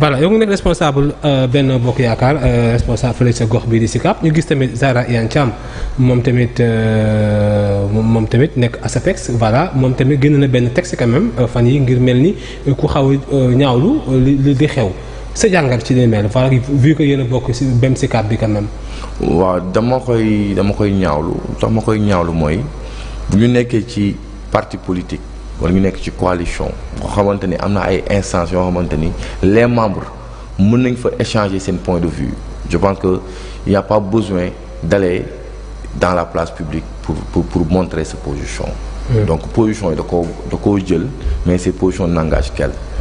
voilà yow ngi nekk responsable euh, benn bokk yaakaar euh, responsable fële sa gox bii di Sicap ñu gis tamit Zahra Iyane moom tamit euh, moom tamit nekk ASAPEX voilà moom tamit génn na benn texte quand même fan yi ngir mel ni ku xaw ñaawlu li di xew sa jàngat ci li mel voilà vu que yéen a bokk si benn Sicap bi quand même. waaw dama koy dama koy ñaawlu dama koy ñaawlu mooy bu ñu nekkee ci parti politique. wala ñu nekk ci coalition boo xamante ni am na ay instances yoo xamante ni les membres mën nañ fa échanger ces points de vue je pense que il n'y a pas besoin d'aller dans la place publique pour pour pour montrer sa position. donc position yi da koo da koo jël mais ces positions n'engagent qu'elle.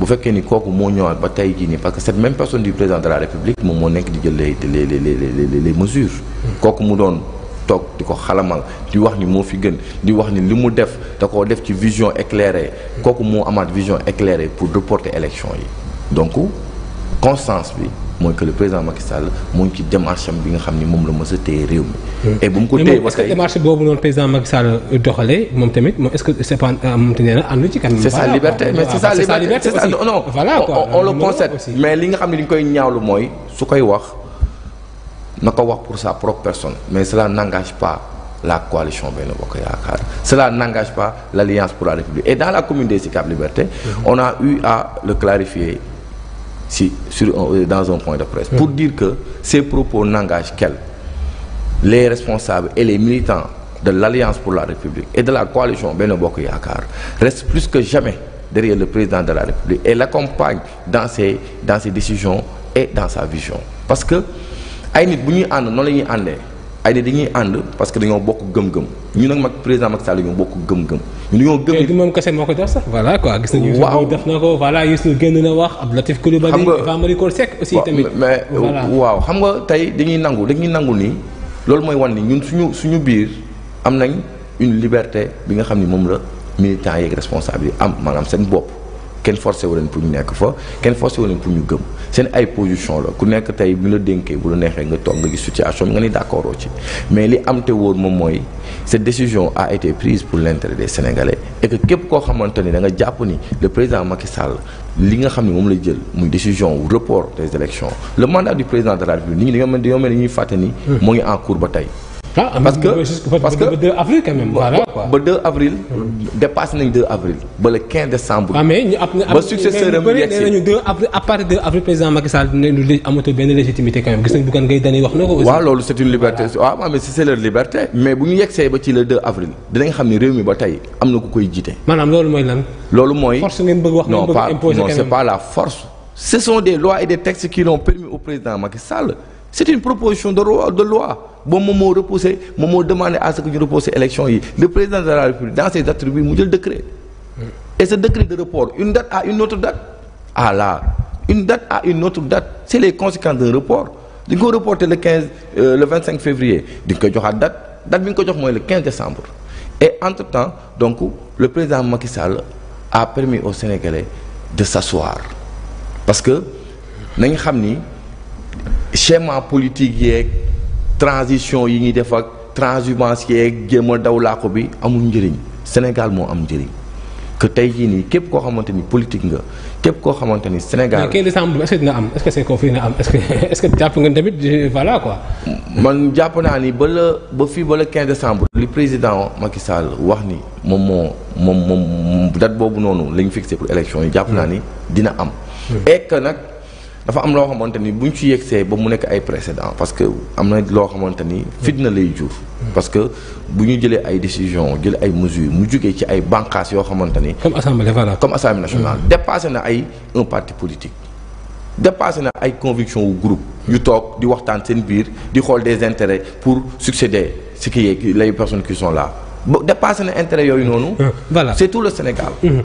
bu fekkee ni kooku moo ñëwaat ba tey jii nii parce que cette même personne du président de la république moom moo nekk di jël les les les les les mesures. kooku mu donne toog di ko xalamal di wax ni mon fi gën di wax ni li def da koo def ci vision éclairée. kooku moo amaat vision éclairée pour reporter élection yi donc constance bi moy que le président Macky Sall mu ki démarche bi nga xamni ni la mësa a réew mi. Hmm. et bu mu ko téye parce que démarche bobu non président Macky Sall doxalé montaigne tamit est-ce que c'est pas euh, moom tamit na andu ci kan. c'est sa liberté mais c'est sa liberté c'est sa non voilà quoi on le concède mais li nga xamni ne dañ koy ñaawlu moy su koy wax nako wax pour sa propre personne mais cela n'engage pas. la coalition beno Bokk cela n'engage pas l'alliance pour la République et dans la commune des Sicap Liberté hmm. on a eu à le clarifier euh, dans un point de presse, pour mm. dire que ces propos n'engagent qu'elle, les responsables et les militants de l'Alliance pour la République et de la coalition Benobok Yakar restent plus que jamais derrière le président de la République et l'accompagnent dans ses, dans ses décisions et dans sa vision. Parce que, ay nit dañuy ànd parce que dañoo bokk gëm-gëm ñu nag mag président Macky Sall ñoo bokk gëm-gëm. ñu dañoo gëm ni ko def sax voilà na ko voilà Youssou génn na wax Abdou Latif Coulibaly. xam mais waaw xam nga tey dañuy nangu dañuy nangu nii. loolu mooy wan ni ñun suñu suñu biir am nañ une liberté bi nga xam ni moom la militants yeeg responsable yi am maanaam seen bopp. C'est forcé pour pour position la ku la bu nga mais cette décision a été prise pour l'intérêt des Sénégalais et que képp ko xamanteni da le président Macky Sall li nga xamni mom report des élections le mandat du président de la République ni nga ni ñuy ni. Hmm. en cours ba bataille. Ah, parce que parce que 2 avril quand même. voilà quoi 2 avril. dépasse le 2 avril. ba le 15 décembre. waaw ah, mais ñu ba successeur am yegg 2 avril à partir de 2 avril président Macky Sall dinañ lu ben légitimité quand même gis nañ Bougane Gueye wax na aussi waaw une liberté ah, wa mais c'est leur liberté. mais bu ñu yegsee ba ci le 2 avril dinañ xam ni réew mi ba tay amna na ku koy jiite. manam loolu moy lan. loolu moy force ngeen bëgg wax ngeen bëgg imposer. non pas non pas la force. ce sont des lois et des textes qui l'ont permis au président Macky Sall c'est une proposition de loi de loi bon moment moo repoussé demandé à ce que je repose élection le président de la république dans ses attributs a le décret et ce décret de report une date à une autre date ah là une date à une autre date c'est les conséquences d'un report du coup le 15 euh, le 25 février Donc il y date date bi le 15 décembre et entre temps donc le président Macky Sall a permis aux Sénégalais de s'asseoir parce que savons que le schéma politique est transition yi ñuy def ak transhumance yeeg jéem a laa ko bi amul njëriñ Sénégal moo am njëriñ que tey jii nii képp koo xamante ni politique nga képp koo xamante ni Sénégal. mais quel exemple est dina am est-ce na am est-ce que est-ce que jàpp ngeen tamit voilà quoi. man jàpp naa ba la ba fii ba le 15 décembre. li président Macky Sall wax ni moom moo moom moom date boobu noonu lañ fixé pour élection yi. jàpp naa ni dina am. Hmm. et nag. dafa am loo xamante ni buñ ci yegsee ba mu nekk ay précédent parce que am na loo xamante ni fitna lay jur. parce que bu ñu jëlee ay décision jël ay mesures mu jugee ci ay bànqaas yoo xamante ni. comme assemblée voilà. comme assemblée nationale. Mm-hmm. dépassé na ay un parti politique. dépassé na ay conviction wu groupe yu toog di waxtaan seen biir di xool des intérêts pour succéder ce qui est les personnes qui sont là ba dépassé na intérêt yooyu noonu. Euh, voilà c'est tout le Sénégal. Mm-hmm.